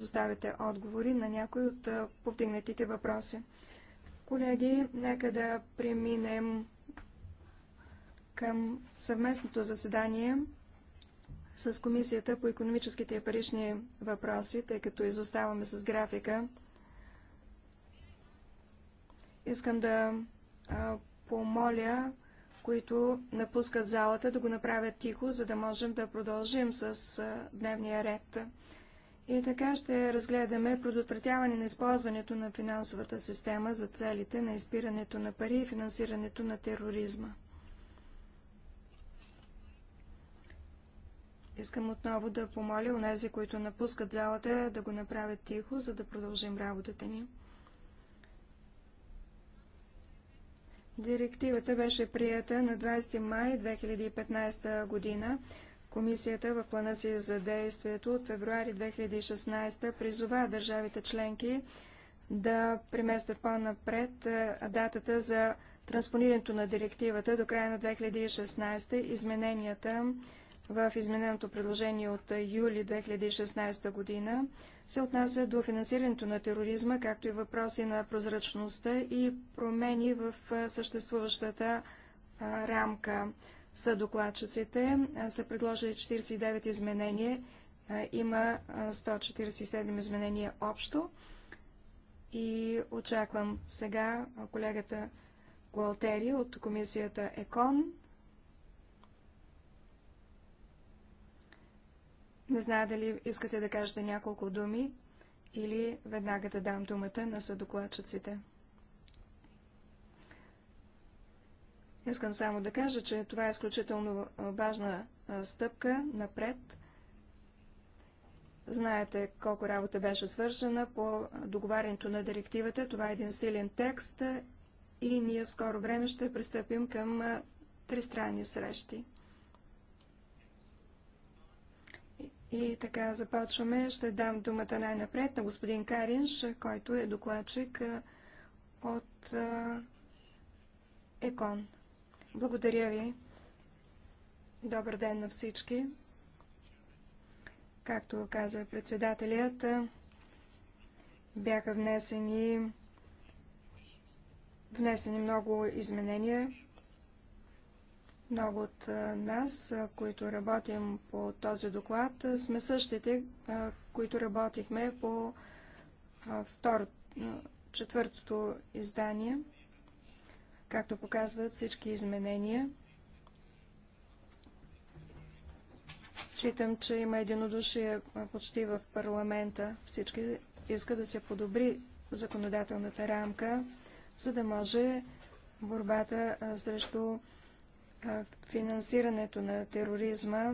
доставите отговори на някои от повдигнатите въпроси. Колеги, нека да преминем към съвместното заседание с Комисията по економическите и парични въпроси, тъй като изоставаме с графика. Искам да помоля, които напускат залата, да го направят тихо, за да можем да продължим с дневния ред. И така ще разгледаме предотвратяване на използването на финансовата система за целите на изпирането на пари и финансирането на тероризма. Искам отново да помоля унези, които напускат залата, да го направят тихо, за да продължим работата ни. Директивата беше прията на 20 май 2015 година. Комисията в плана си за действието от февруари 2016 призова държавите членки да преместят по-напред е, датата за транспонирането на директивата до края на 2016. Измененията в измененото предложение от е, юли 2016 година се отнася до финансирането на тероризма, както и въпроси на прозрачността и промени в е, съществуващата рамка са докладчиците. Са предложили 49 изменения. Има 147 изменения общо. И очаквам сега колегата Гуалтери от комисията ЕКОН. Не знае дали искате да кажете няколко думи или веднага да дам думата на съдокладчиците. Искам само да кажа, че това е изключително важна стъпка напред. Знаете колко работа беше свършена по договарянето на директивата. Това е един силен текст и ние в скоро време ще пристъпим към тристранни срещи. И така започваме. Ще дам думата най-напред на господин Каринш, който е докладчик от ЕКОН. Благодаря ви. Добър ден на всички. Както каза председателят, бяха внесени, внесени много изменения. Много от нас, които работим по този доклад, сме същите, които работихме по второ, четвъртото издание – както показват всички изменения. Считам, че има единодушие почти в парламента. Всички искат да се подобри законодателната рамка, за да може борбата срещу финансирането на тероризма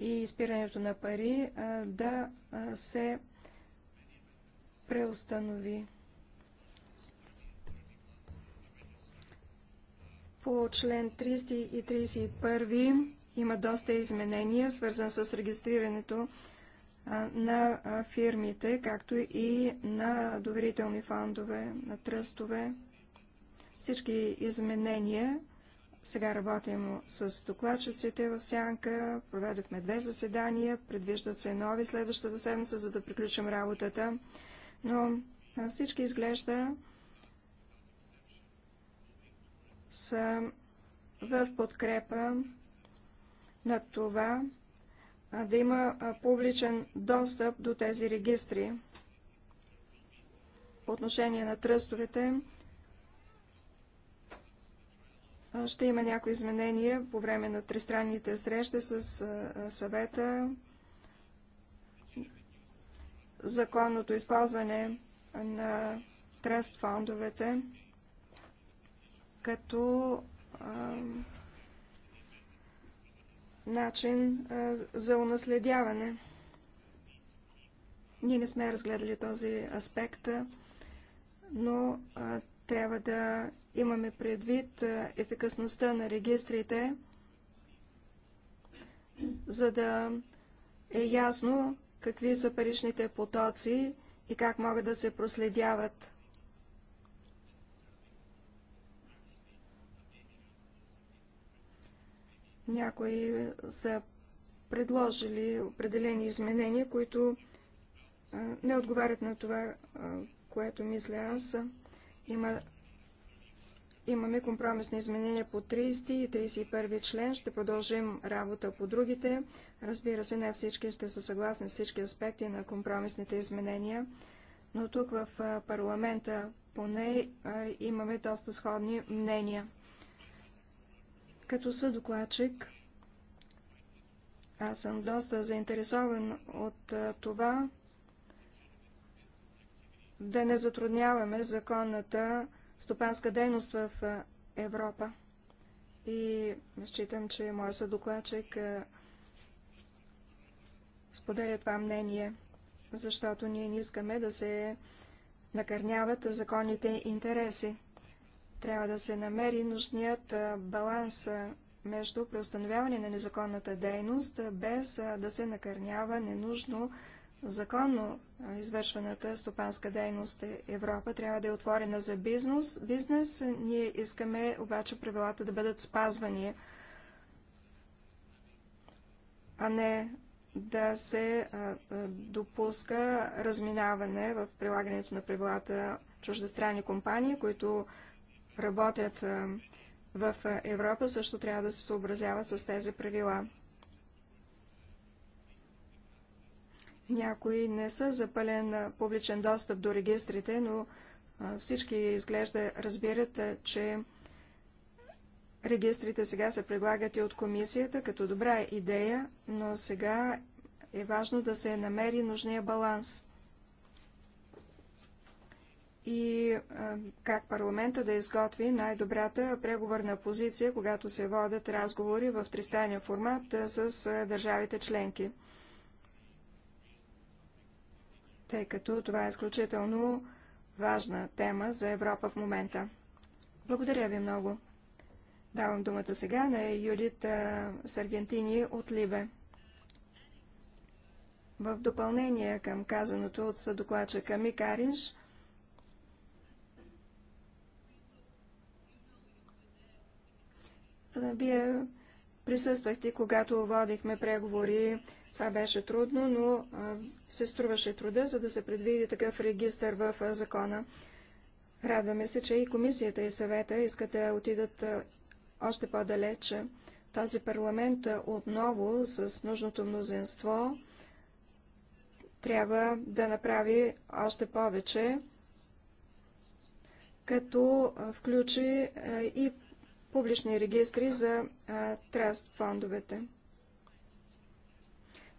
и изпирането на пари да се преустанови. По член 30 и 31 има доста изменения, свързан с регистрирането на фирмите, както и на доверителни фондове, на тръстове. Всички изменения сега работим с докладчиците в Сянка. Проведохме две заседания. Предвиждат се нови следващата седмица, за да приключим работата. Но всички изглежда са в подкрепа на това да има публичен достъп до тези регистри. По отношение на тръстовете ще има някои изменения по време на тристранните срещи с съвета. Законното използване на тръст фондовете като а, начин а, за унаследяване. Ние не сме разгледали този аспект, но а, трябва да имаме предвид ефикасността на регистрите, за да е ясно какви са паричните потоци и как могат да се проследяват. Някои са предложили определени изменения, които не отговарят на това, което мисля аз. Има, имаме компромисни изменения по 30 и 31 член. Ще продължим работа по другите. Разбира се, не всички ще са съгласни с всички аспекти на компромисните изменения, но тук в парламента поне имаме доста сходни мнения. Като съдокладчик, аз съм доста заинтересован от това да не затрудняваме законната стопанска дейност в Европа. И считам, че моят съдокладчик споделя това мнение, защото ние не искаме да се накърняват законните интереси. Трябва да се намери нужният баланс между преустановяване на незаконната дейност, без да се накърнява ненужно законно извършваната стопанска дейност. Европа трябва да е отворена за бизнес. бизнес. Ние искаме обаче правилата да бъдат спазвани, а не да се допуска разминаване в прилагането на правилата чуждестранни компании, които работят в Европа, също трябва да се съобразяват с тези правила. Някои не са запален публичен достъп до регистрите, но всички изглежда разбират, че регистрите сега се предлагат и от комисията като добра идея, но сега е важно да се намери нужния баланс и как парламента да изготви най-добрата преговорна позиция, когато се водят разговори в тристранен формат с държавите членки. Тъй като това е изключително важна тема за Европа в момента. Благодаря ви много. Давам думата сега на Юдит Саргентини от Либе. В допълнение към казаното от съдокладчика Микаринш, Вие присъствахте, когато водихме преговори. Това беше трудно, но се струваше труда, за да се предвиди такъв регистр в закона. Радваме се, че и комисията и съвета искат да отидат още по-далече. Този парламент отново с нужното мнозинство трябва да направи още повече, като включи и публични регистри за траст фондовете.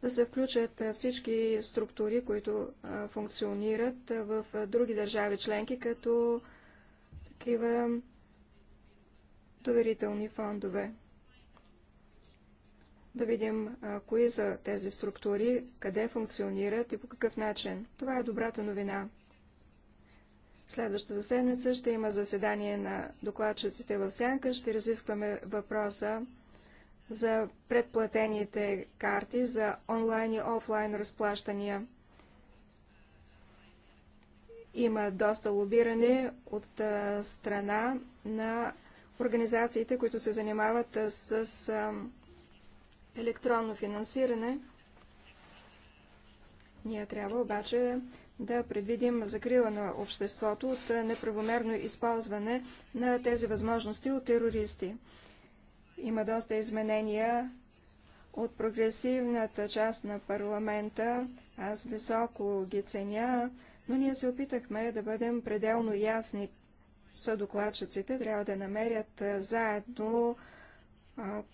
Да се включат всички структури, които функционират в други държави членки, като такива доверителни фондове. Да видим а, кои са тези структури, къде функционират и по какъв начин. Това е добрата новина. Следващата седмица ще има заседание на докладчиците в Сянка. Ще разискваме въпроса за предплатените карти за онлайн и офлайн разплащания. Има доста лобиране от страна на организациите, които се занимават с електронно финансиране. Ние трябва обаче да предвидим закрила на обществото от е, неправомерно използване на тези възможности от терористи. Има доста изменения от прогресивната част на парламента. Аз високо ги ценя, но ние се опитахме да бъдем пределно ясни. Съдокладчиците трябва да намерят е, заедно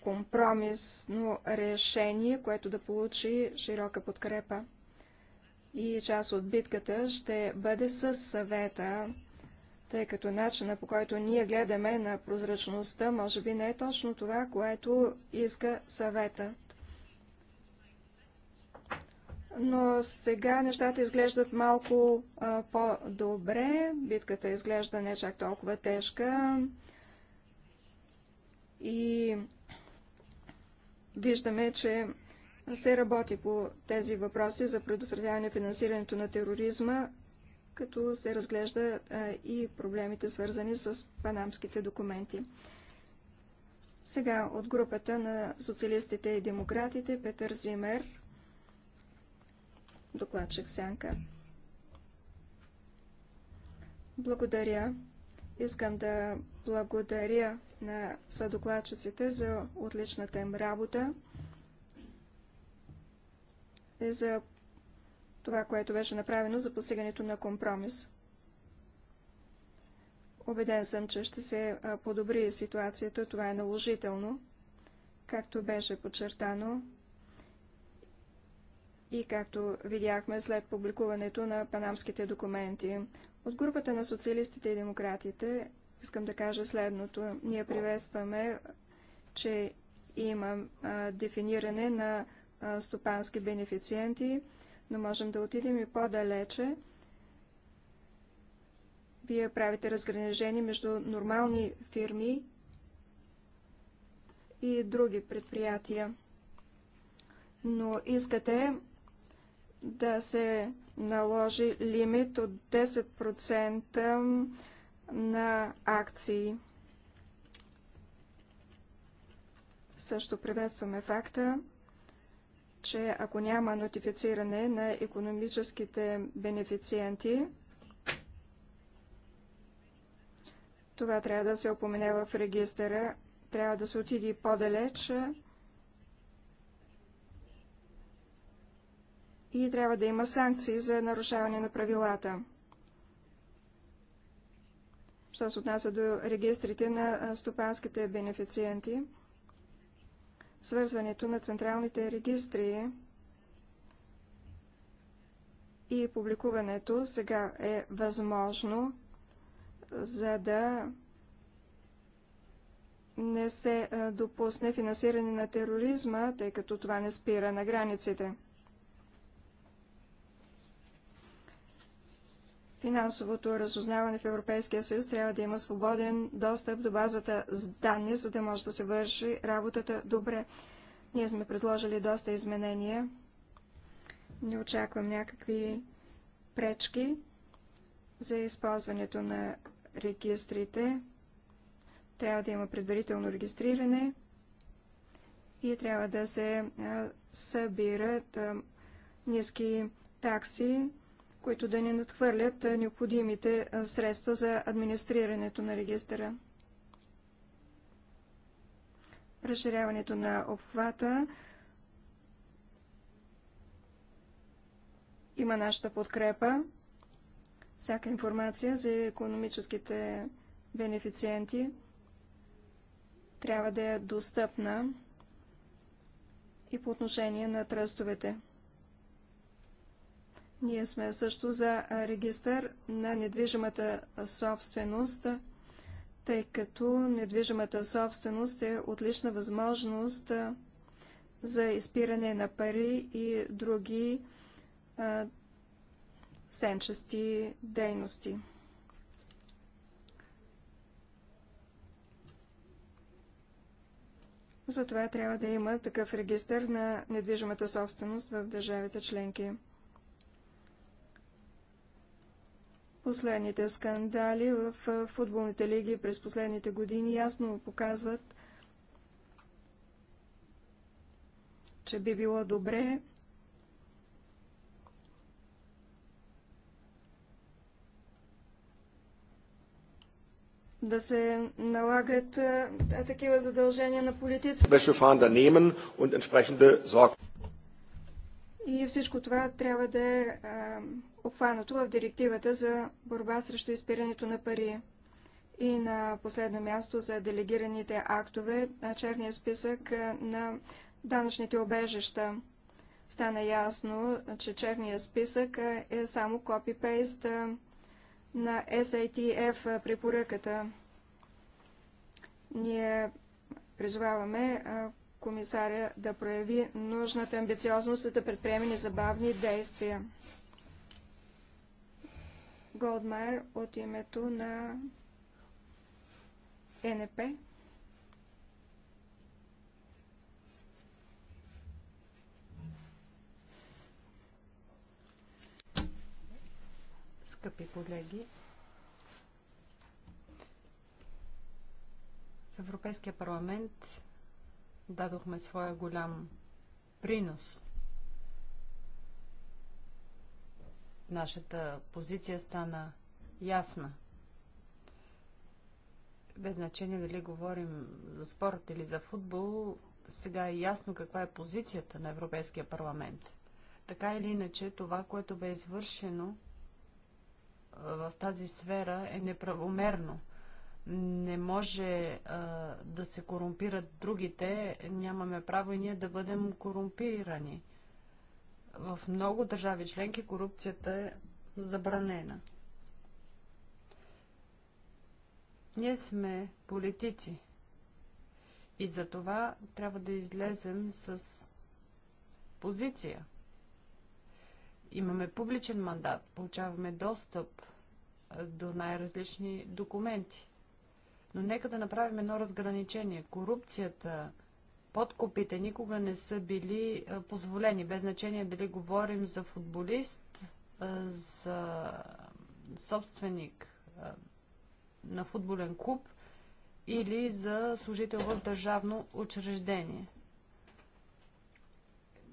компромисно решение, което да получи широка подкрепа и част от битката ще бъде с съвета, тъй като начина по който ние гледаме на прозрачността, може би не е точно това, което иска съвета. Но сега нещата изглеждат малко по-добре, битката изглежда не чак толкова тежка и виждаме, че се работи по тези въпроси за предотвратяване финансирането на тероризма, като се разглежда и проблемите свързани с панамските документи. Сега от групата на социалистите и демократите Петър Зимер, докладчик Сянка. Благодаря. Искам да благодаря на съдокладчиците за отличната им работа е за това, което беше направено за постигането на компромис. Обеден съм, че ще се подобри ситуацията, това е наложително, както беше подчертано и както видяхме след публикуването на панамските документи. От групата на социалистите и демократите искам да кажа следното. Ние приветстваме, че има а, дефиниране на стопански бенефициенти, но можем да отидем и по-далече. Вие правите разграничение между нормални фирми и други предприятия, но искате да се наложи лимит от 10% на акции. Също приветстваме факта, че ако няма нотифициране на економическите бенефициенти, това трябва да се опомене в регистъра, трябва да се отиде по-далеч и трябва да има санкции за нарушаване на правилата. Що се отнася до регистрите на стопанските бенефициенти – свързването на централните регистри и публикуването сега е възможно, за да не се допусне финансиране на тероризма, тъй като това не спира на границите. Финансовото разузнаване в Европейския съюз трябва да има свободен достъп до базата с данни, за да може да се върши работата добре. Ние сме предложили доста изменения. Не очаквам някакви пречки за използването на регистрите. Трябва да има предварително регистриране и трябва да се събират ниски такси които да ни надхвърлят необходимите средства за администрирането на регистъра. Разширяването на обхвата има нашата подкрепа. Всяка информация за економическите бенефициенти трябва да е достъпна и по отношение на тръстовете. Ние сме също за регистър на недвижимата собственост, тъй като недвижимата собственост е отлична възможност за изпиране на пари и други сенчести дейности. Затова трябва да има такъв регистр на недвижимата собственост в държавите членки. Последните скандали в футболните лиги през последните години ясно показват, че би било добре да се налагат а, е, е, такива задължения на политиците. И всичко това трябва да е, е обхванато в директивата за борба срещу изпирането на пари. И на последно място за делегираните актове, черния списък на данъчните обежища. Стана ясно, че черния списък е само копипейст на SATF препоръката. Ние призоваваме комисаря да прояви нужната амбициозност и да предприеме незабавни действия. Голдмайер от името на НП. Скъпи колеги, в Европейския парламент дадохме своя голям принос Нашата позиция стана ясна. Без значение дали говорим за спорт или за футбол, сега е ясно каква е позицията на Европейския парламент. Така или иначе, това, което бе извършено в тази сфера е неправомерно. Не може а, да се корумпират другите, нямаме право и ние да бъдем корумпирани в много държави членки корупцията е забранена. Ние сме политици и за това трябва да излезем с позиция. Имаме публичен мандат, получаваме достъп до най-различни документи. Но нека да направим едно разграничение. Корупцията – Подкупите никога не са били позволени, без значение дали говорим за футболист, за собственик на футболен клуб или за служител в държавно учреждение.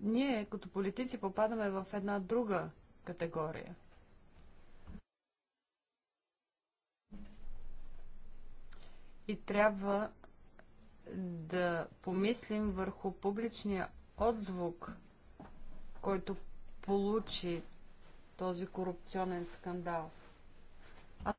Ние като политици попадаме в една друга категория. И трябва да помислим върху публичния отзвук, който получи този корупционен скандал. А...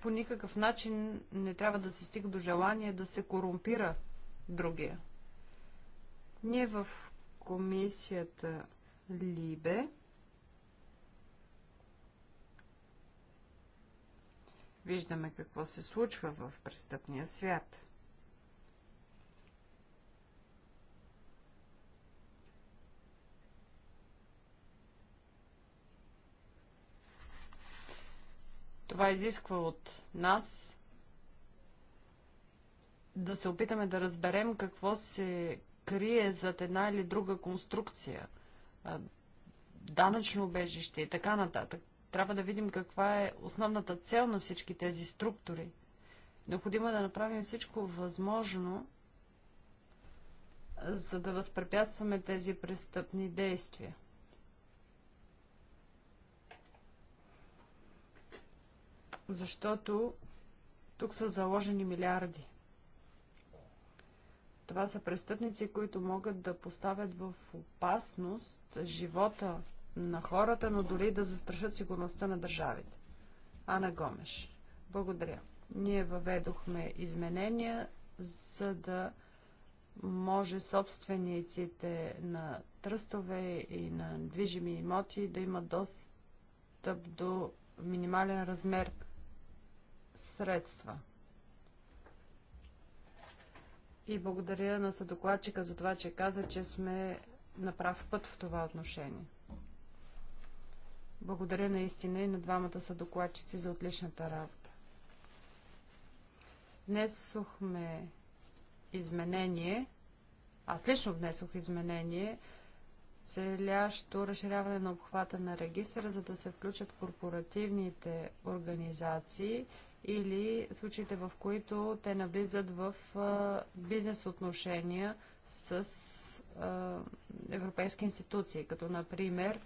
По никакъв начин не трябва да се стига до желание да се корумпира другия. Ние в комисията Либе Виждаме какво се случва в престъпния свят. Това изисква от нас да се опитаме да разберем какво се крие зад една или друга конструкция, данъчно убежище и така нататък трябва да видим каква е основната цел на всички тези структури. Необходимо е да направим всичко възможно, за да възпрепятстваме тези престъпни действия. Защото тук са заложени милиарди. Това са престъпници, които могат да поставят в опасност живота на хората, но дори да застрашат сигурността на държавите. Ана Гомеш. Благодаря. Ние въведохме изменения, за да може собствениците на тръстове и на движими имоти да имат достъп до минимален размер средства. И благодаря на съдокладчика за това, че каза, че сме на прав път в това отношение. Благодаря наистина и на двамата са докладчици за отличната работа. Внесохме изменение, аз лично внесох изменение, целящо разширяване на обхвата на регистъра, за да се включат корпоративните организации или случаите, в които те навлизат в бизнес отношения с европейски институции, като например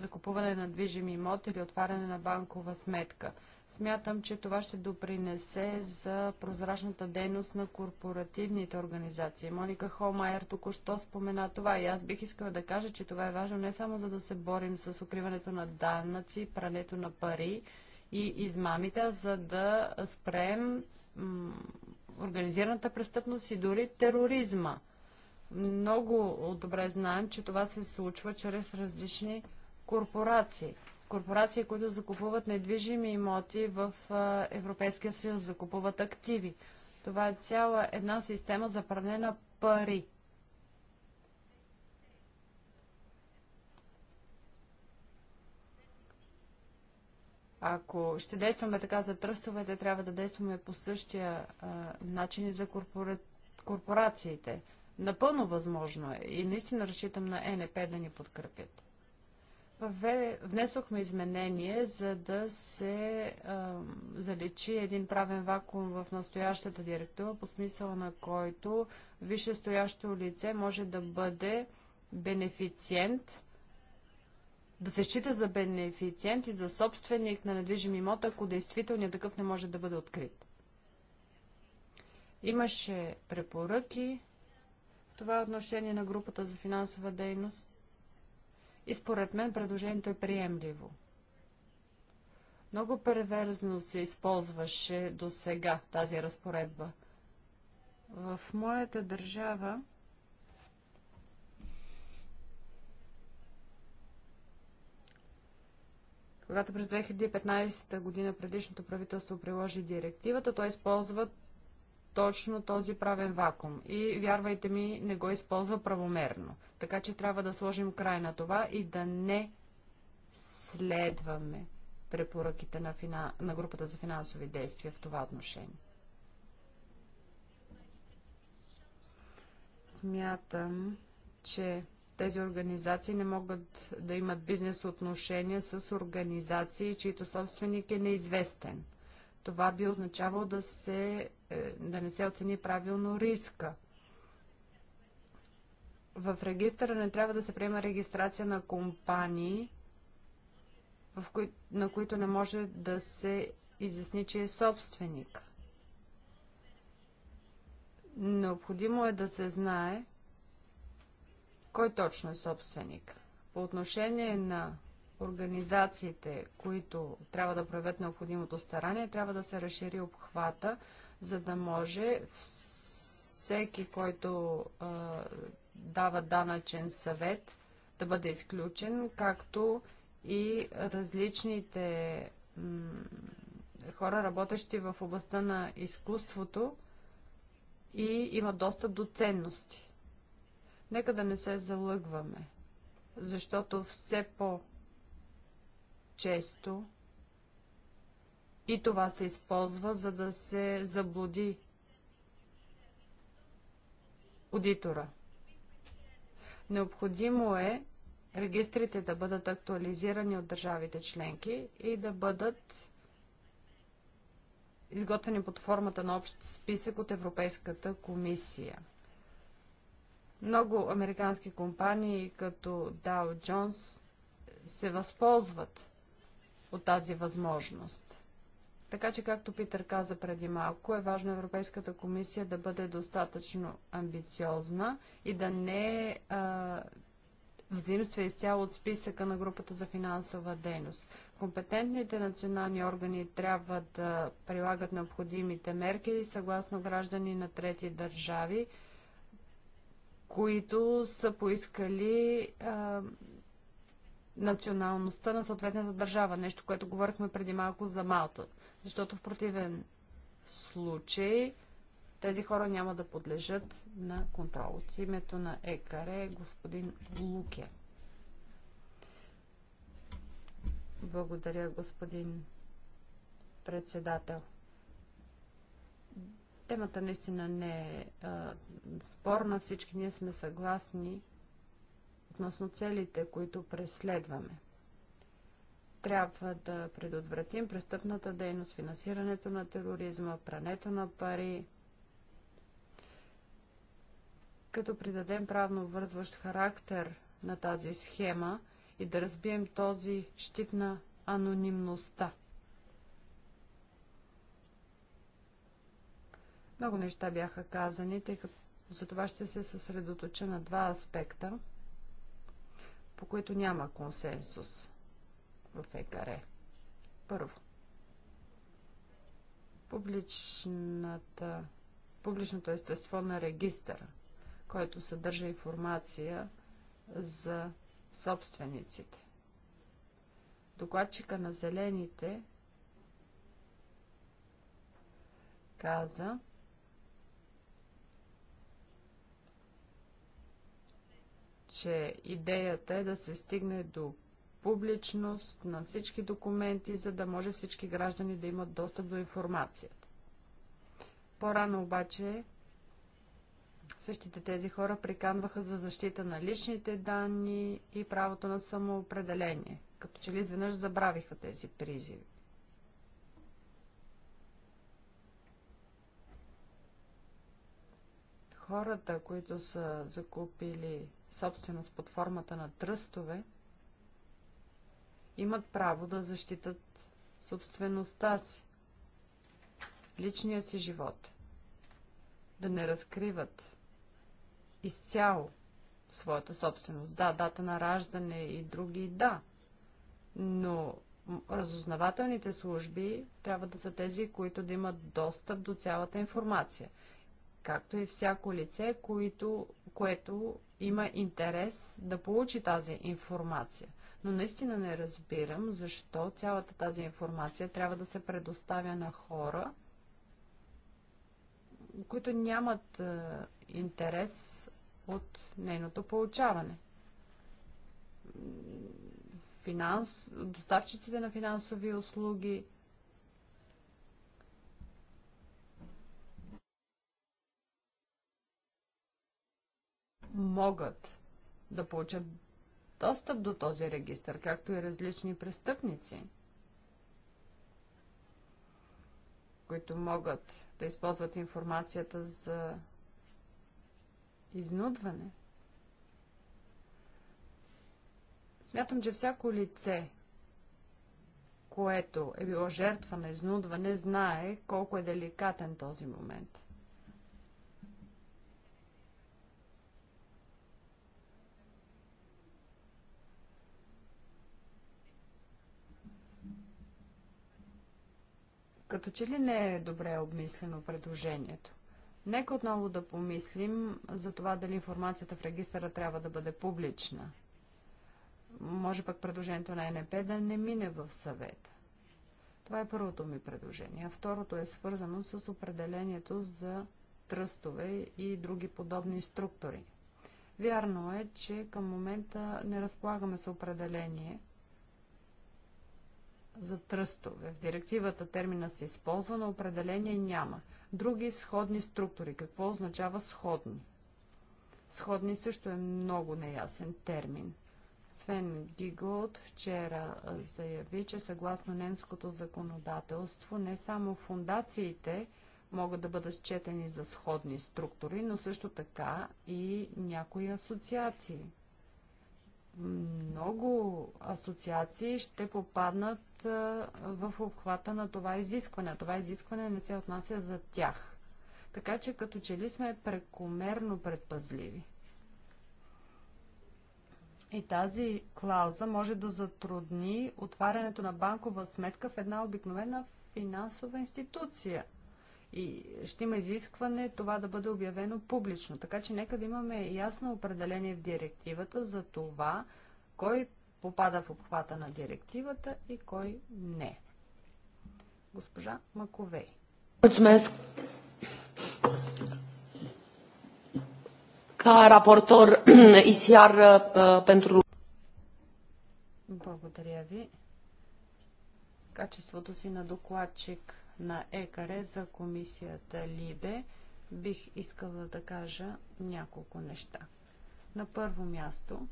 закупуване на движими имот или отваряне на банкова сметка. Смятам, че това ще допринесе за прозрачната дейност на корпоративните организации. Моника Холмайер току-що спомена това и аз бих искала да кажа, че това е важно не само за да се борим с укриването на данъци, прането на пари и измамите, а за да спрем организираната престъпност и дори тероризма. Много добре знаем, че това се случва чрез различни корпорации. Корпорации, които закупуват недвижими имоти в Европейския съюз, закупуват активи. Това е цяла една система за пране на пари. Ако ще действаме така за тръстовете, трябва да действаме по същия а, начин и за корпора... корпорациите. Напълно възможно е и наистина разчитам на е НП да ни подкрепят. Внесохме изменение, за да се а, залечи един правен вакуум в настоящата директива, по смисъла на който висшестоящо лице може да бъде бенефициент, да се счита за бенефициент и за собственик на недвижим имот, ако действителният такъв не може да бъде открит. Имаше препоръки това е отношение на групата за финансова дейност. И според мен предложението е приемливо. Много перверзно се използваше до сега тази разпоредба. В моята държава когато през 2015 година предишното правителство приложи директивата, то използват точно този правен вакуум и, вярвайте ми, не го използва правомерно. Така че трябва да сложим край на това и да не следваме препоръките на, фина... на групата за финансови действия в това отношение. Смятам, че тези организации не могат да имат бизнес отношения с организации, чието собственик е неизвестен – това би означавало да, се, е, да не се оцени правилно риска. В регистъра не трябва да се приема регистрация на компании, в кои, на които не може да се изясни, че е собственик. Необходимо е да се знае кой точно е собственик. По отношение на организациите, които трябва да проявят необходимото старание, трябва да се разшири обхвата, за да може всеки, който а, дава данъчен съвет, да бъде изключен, както и различните хора, работещи в областта на изкуството и имат достъп до ценности. Нека да не се залъгваме, защото все по- често и това се използва, за да се заблуди аудитора. Необходимо е регистрите да бъдат актуализирани от държавите членки и да бъдат изготвени под формата на общ списък от Европейската комисия. Много американски компании, като Dow Jones, се възползват от тази възможност. Така че, както Питър каза преди малко, е важно Европейската комисия да бъде достатъчно амбициозна и да не а, взаимства изцяло от списъка на групата за финансова дейност. Компетентните национални органи трябва да прилагат необходимите мерки съгласно граждани на трети държави, които са поискали а, националността на съответната държава. Нещо, което говорихме преди малко за Малта. Защото в противен случай тези хора няма да подлежат на контрол. От името на ЕКАРЕ господин Луке. Благодаря, господин председател. Темата наистина не е а, спорна. Всички ние сме съгласни, относно целите, които преследваме. Трябва да предотвратим престъпната дейност, финансирането на тероризма, прането на пари, като придадем правно вързващ характер на тази схема и да разбием този щит на анонимността. Много неща бяха казани, тъй като за това ще се съсредоточа на два аспекта – по които няма консенсус в ЕКАРЕ. Първо, публичната, публичното естество на регистъра, който съдържа информация за собствениците. Докладчика на зелените каза, че идеята е да се стигне до публичност на всички документи, за да може всички граждани да имат достъп до информацията. По-рано обаче същите тези хора приканваха за защита на личните данни и правото на самоопределение. Като че ли изведнъж забравиха тези призиви. хората, които са закупили собственост под формата на тръстове, имат право да защитат собствеността си, личния си живот, да не разкриват изцяло своята собственост. Да, дата на раждане и други, да. Но разузнавателните служби трябва да са тези, които да имат достъп до цялата информация както и всяко лице, което, което има интерес да получи тази информация. Но наистина не разбирам защо цялата тази информация трябва да се предоставя на хора, които нямат е, интерес от нейното получаване. Финанс... Доставчиците на финансови услуги, могат да получат достъп до този регистр, както и различни престъпници, които могат да използват информацията за изнудване. Смятам, че всяко лице, което е било жертва на изнудване, знае колко е деликатен този момент – Като че ли не е добре обмислено предложението? Нека отново да помислим за това дали информацията в регистъра трябва да бъде публична. Може пък предложението на НП да не мине в съвета. Това е първото ми предложение. А второто е свързано с определението за тръстове и други подобни структури. Вярно е, че към момента не разполагаме с определение, за тръстове. В директивата термина се използва, но определение няма. Други сходни структури. Какво означава сходни? Сходни също е много неясен термин. Свен Гиголд вчера заяви, че съгласно немското законодателство не само фундациите могат да бъдат счетени за сходни структури, но също така и някои асоциации много асоциации ще попаднат в обхвата на това изискване. Това изискване не се отнася за тях. Така че като че ли сме прекомерно предпазливи. И тази клауза може да затрудни отварянето на банкова сметка в една обикновена финансова институция – и ще има изискване това да бъде обявено публично. Така че нека да имаме ясно определение в директивата за това, кой попада в обхвата на директивата и кой не. Госпожа Маковей. Ca raportor ISIAR uh, pentru... Благодаря ви. Качеството си на докладчик на ЕКАРЕ за комисията ЛИБЕ, бих искала да кажа няколко неща. На първо място,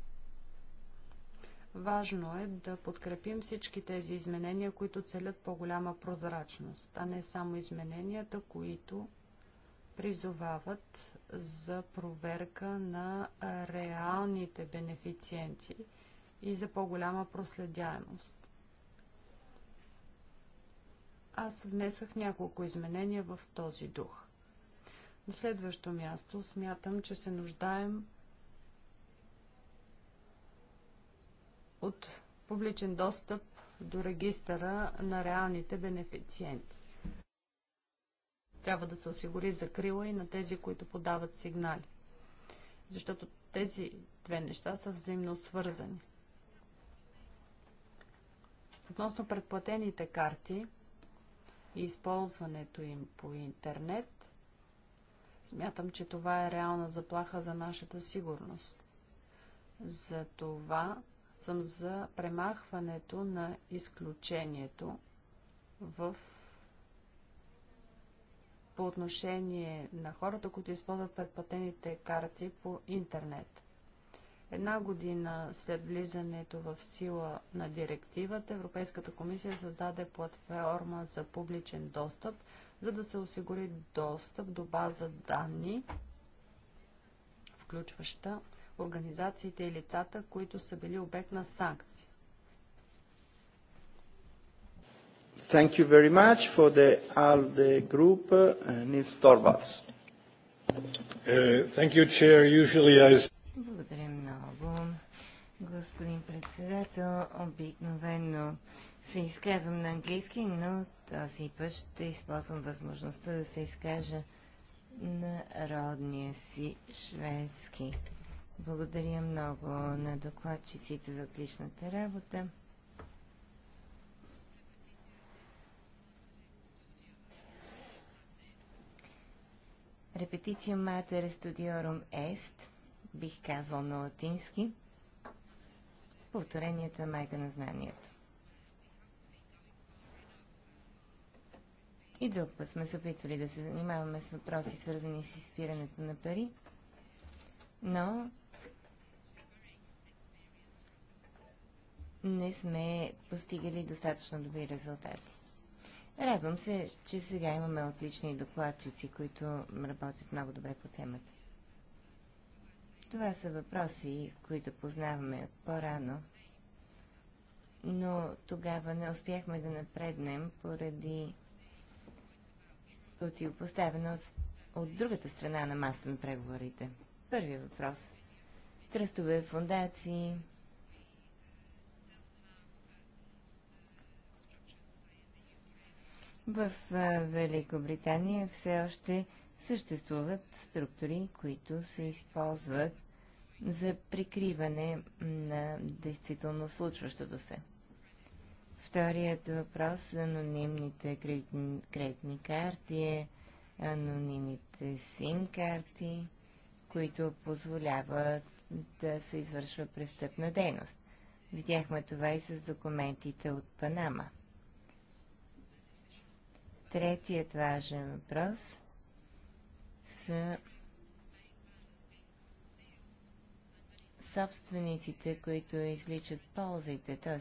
важно е да подкрепим всички тези изменения, които целят по-голяма прозрачност, а не само измененията, които призовават за проверка на реалните бенефициенти и за по-голяма проследяемост аз внесах няколко изменения в този дух. На следващо място смятам, че се нуждаем от публичен достъп до регистъра на реалните бенефициенти. Трябва да се осигури закрила и на тези, които подават сигнали. Защото тези две неща са взаимно свързани. Относно предплатените карти, и използването им по интернет, смятам, че това е реална заплаха за нашата сигурност. За това съм за премахването на изключението в по отношение на хората, които използват предплатените карти по интернет. Една година след влизането в сила на директивата, Европейската комисия създаде платформа за публичен достъп, за да се осигури достъп до база данни, включваща организациите и лицата, които са били обект на санкции. Thank you very much for the ALDE group, uh, Nils Torvalds. Uh, thank you, Chair. Usually I... Благодаря, господин председател. Обикновено се изказвам на английски, но този път ще използвам възможността да се изкажа на родния си шведски. Благодаря много на докладчиците за отличната работа. Репетиция Матер Студиорум Ест, бих казал на латински – Повторението е майка на знанието. И друг път сме се опитвали да се занимаваме с въпроси, свързани с изпирането на пари, но не сме постигали достатъчно добри резултати. Радвам се, че сега имаме отлични докладчици, които работят много добре по темата. Това са въпроси, които познаваме от по-рано, но тогава не успяхме да напреднем поради противопоставеност от, другата страна на маста на преговорите. Първият въпрос. Тръстове, фундации, В Великобритания все още съществуват структури, които се използват за прикриване на действително случващото се. Вторият въпрос за анонимните кредитни, карти е анонимните sim карти, които позволяват да се извършва престъпна дейност. Видяхме това и с документите от Панама. Третият важен въпрос са собствениците, които изличат ползите, т.е.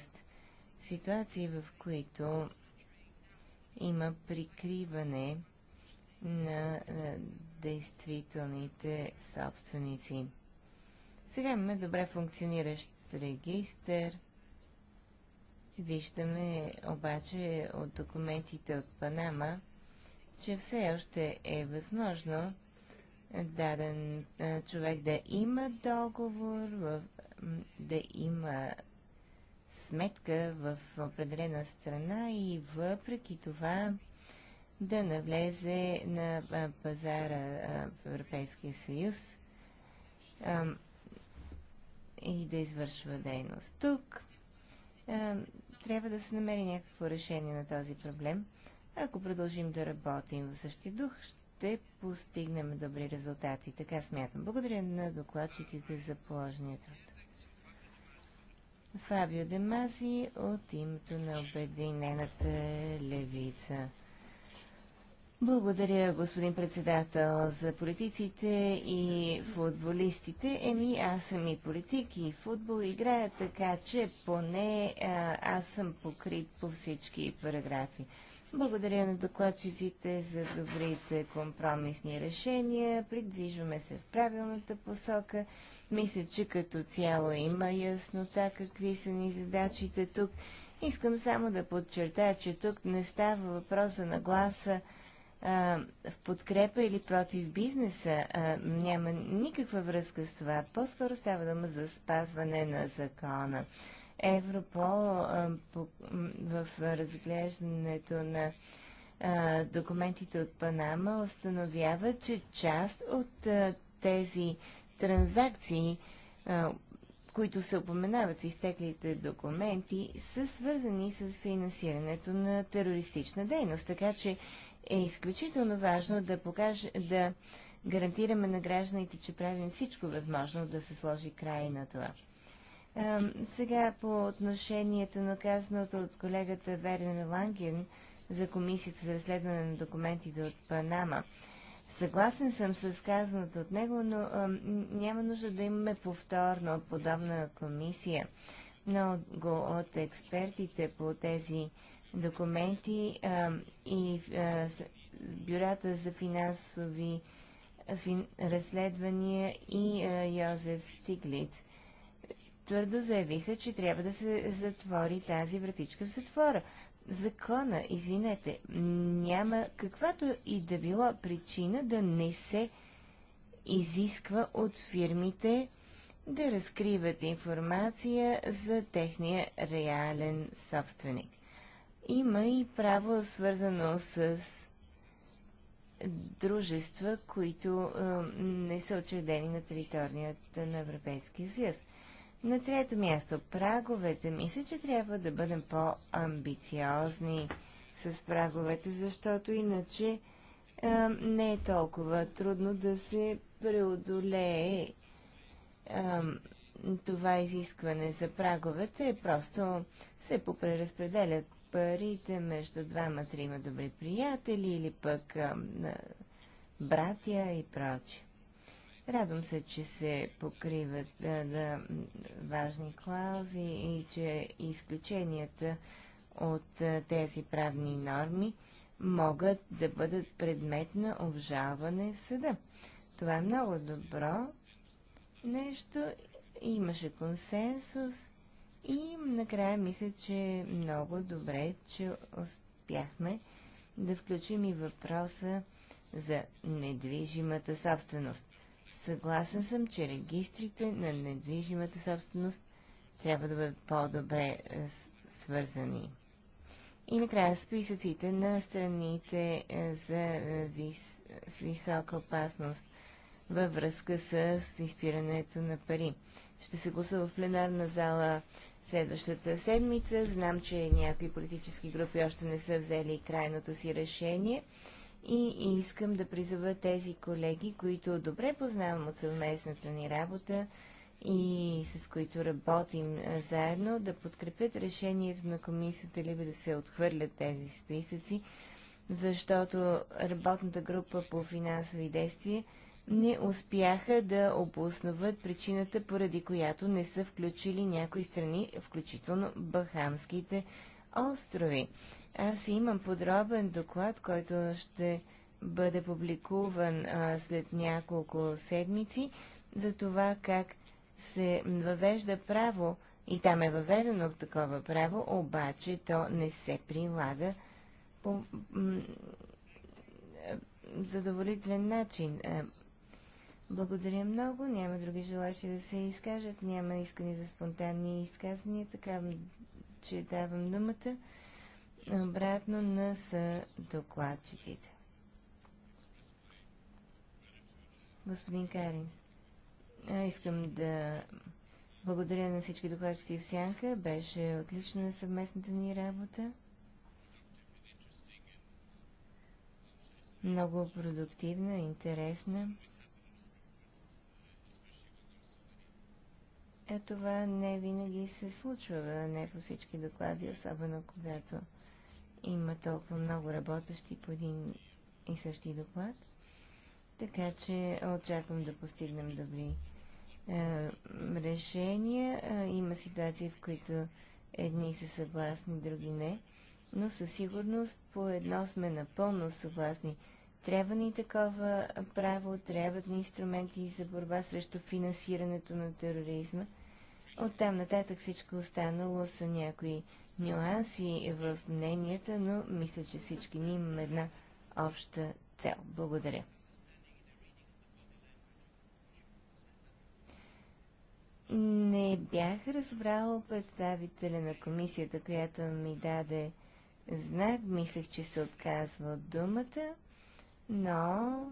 ситуации, в които има прикриване на, действителните собственици. Сега имаме добре функциониращ регистър. Виждаме обаче от документите от Панама, че все още е възможно даден човек да има договор, да има сметка в определена страна и въпреки това да навлезе на пазара в Европейския съюз и да извършва дейност. Тук трябва да се намери някакво решение на този проблем. Ако продължим да работим в същия дух, ще постигнем добри резултати. Така смятам. Благодаря на докладчиците за положения труд. Фабио Демази от името на Обединената левица. Благодаря, господин председател, за политиците и футболистите. Еми, аз съм и политик, и футбол играя, така че поне а, аз съм покрит по всички параграфи. Благодаря на докладчиците за добрите компромисни решения. Придвижваме се в правилната посока. Мисля, че като цяло има яснота какви са ни задачите тук. Искам само да подчертая, че тук не става въпроса на гласа а, в подкрепа или против бизнеса. А, няма никаква връзка с това. По-скоро става дума за спазване на закона. Европол в разглеждането на документите от Панама установява, че част от тези транзакции, които се упоменават в изтеклите документи, са свързани с финансирането на терористична дейност. Така че е изключително важно да, покаже, да гарантираме на гражданите, че правим всичко възможно да се сложи край на това. Сега по отношението на казаното от колегата Верен Ланген за Комисията за разследване на документите от Панама. Съгласен съм с казаното от него, но а, няма нужда да имаме повторно подобна комисия. Много от експертите по тези документи а, и а, бюрата за финансови фин, разследвания и а, Йозеф Стиглиц – твърдо заявиха, че трябва да се затвори тази вратичка в затвора. Закона, извинете, няма каквато и да било причина да не се изисква от фирмите да разкриват информация за техния реален собственик. Има и право свързано с дружества, които е, не са учредени на територията на Европейския съюз. На трето място, праговете. Мисля, че трябва да бъдем по-амбициозни с праговете, защото иначе а, не е толкова трудно да се преодолее а, това изискване за праговете. Просто се попреразпределят парите между двама-трима добри приятели или пък а, братя и прочее. Радвам се, че се покриват да, да, важни клаузи и че изключенията от тези правни норми могат да бъдат предмет на обжалване в съда. Това е много добро нещо. Имаше консенсус и накрая мисля, че е много добре, че успяхме да включим и въпроса за недвижимата собственост. Съгласен съм, че регистрите на недвижимата собственост трябва да бъдат по-добре е, свързани. И накрая списъците на страните е, за е, вис... с висока опасност във връзка с изпирането на пари. Ще се гласа в пленарна зала следващата седмица. Знам, че някои политически групи още не са взели крайното си решение и искам да призова тези колеги, които добре познавам от съвместната ни работа и с които работим заедно, да подкрепят решението на комисията или да се отхвърлят тези списъци, защото работната група по финансови действия не успяха да обосноват причината, поради която не са включили някои страни, включително Бахамските острови. Аз имам подробен доклад, който ще бъде публикуван а, след няколко седмици за това как се въвежда право и там е въведено такова право, обаче то не се прилага по задоволителен начин. Благодаря много. Няма други желащи да се изкажат. Няма искани за спонтанни изказвания. Така, че давам думата обратно на докладчиците. Господин Каринс, искам да благодаря на всички докладчици в Сянка. Беше отлична съвместната ни работа. Много продуктивна, интересна. А е, това не винаги се случва, не по всички доклади, особено когато има толкова много работещи по един и същи доклад. Така че очаквам да постигнем добри е, решения. Е, има ситуации, в които едни са съгласни, други не. Но със сигурност по едно сме напълно съгласни. Трябва ни такова право, трябват ни инструменти за борба срещу финансирането на тероризма – Оттам нататък всичко останало са някои нюанси в мненията, но мисля, че всички ние имаме една обща цел. Благодаря. Не бях разбрал представителя на комисията, която ми даде знак. Мислех, че се отказва от думата, но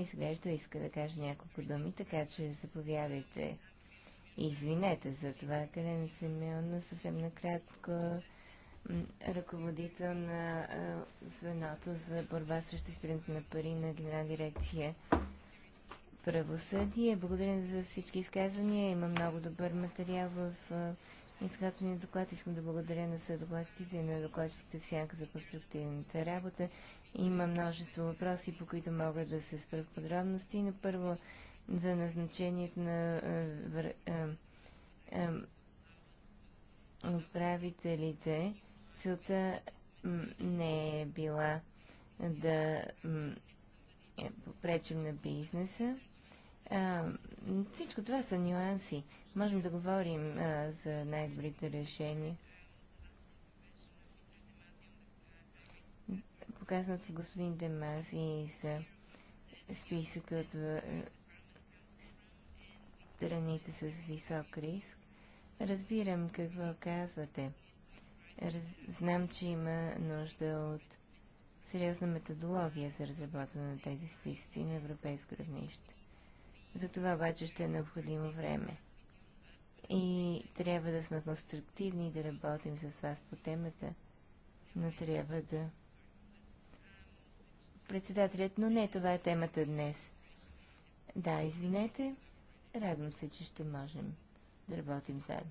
изглежда иска да каже няколко думи, така че заповядайте. Извинете за това, Карен Семеонна, съвсем накратко ръководител на звеното за борба срещу изпирането на пари на Генерална дирекция правосъдие. Благодаря за всички изказвания. Има много добър материал в изказвания доклад. Искам да благодаря на съдокладчиците и на докладчиците в сянка за конструктивната работа. Има множество въпроси, по които мога да се спра в подробности. На първо за назначението на е, е, е, управителите, целта не е била да попречим на бизнеса. всичко това са нюанси. Можем да говорим за най-добрите решения. Показват господин Демази за списъка от страните с висок риск. Разбирам какво казвате. Раз... Знам, че има нужда от сериозна методология за разработване на тези списъци на европейско равнище. За това обаче ще е необходимо време. И трябва да сме конструктивни и да работим с вас по темата, но трябва да... Председателят, но не това е темата днес. Да, извинете. Радвам се, че ще можем да работим заедно.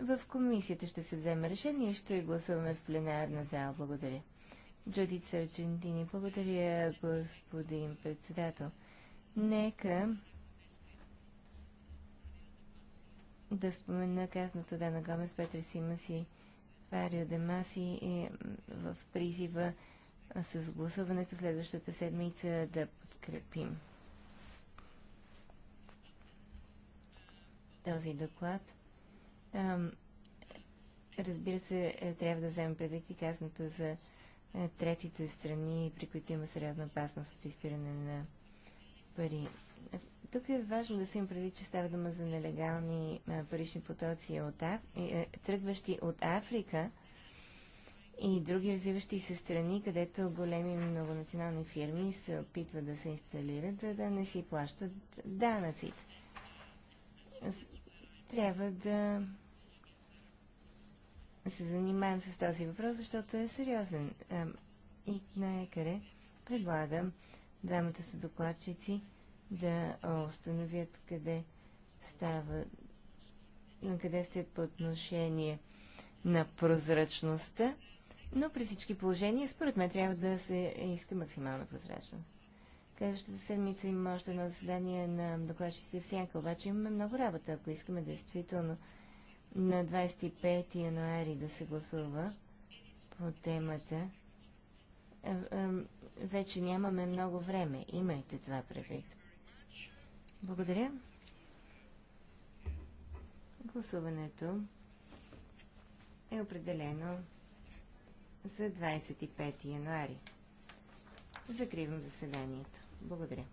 В комисията ще се вземе решение и ще гласуваме в пленарна зала. Благодаря. Джудит Сърчентини, благодаря, господин председател. Нека да спомена казаното Дана Гомес, Петри Сима си Фарио Демаси е в призива с гласуването следващата седмица да подкрепим този доклад. Разбира се, е, трябва да вземем предвид и казаното за е, третите страни, при които има сериозна опасност от изпиране на пари. Тук е важно да се им предвид, че става дума за нелегални е, парични потоци, от Аф... тръгващи от Африка и други развиващи се страни, където големи многонационални фирми се опитват да се инсталират, за да не си плащат данъците трябва да се занимаем с този въпрос, защото е сериозен. И на Екаре предлагам двамата са докладчици да установят къде става, на къде стоят по отношение на прозрачността, но при всички положения, според мен, трябва да се иска максимална прозрачност. Следващата седмица има още едно заседание на докладчиците в Сянка, обаче имаме много работа. Ако искаме действително на 25 януари да се гласува по темата, е, е, вече нямаме много време. Имайте това предвид. Благодаря. Гласуването е определено за 25 януари. Закривам заседанието. Благодаря.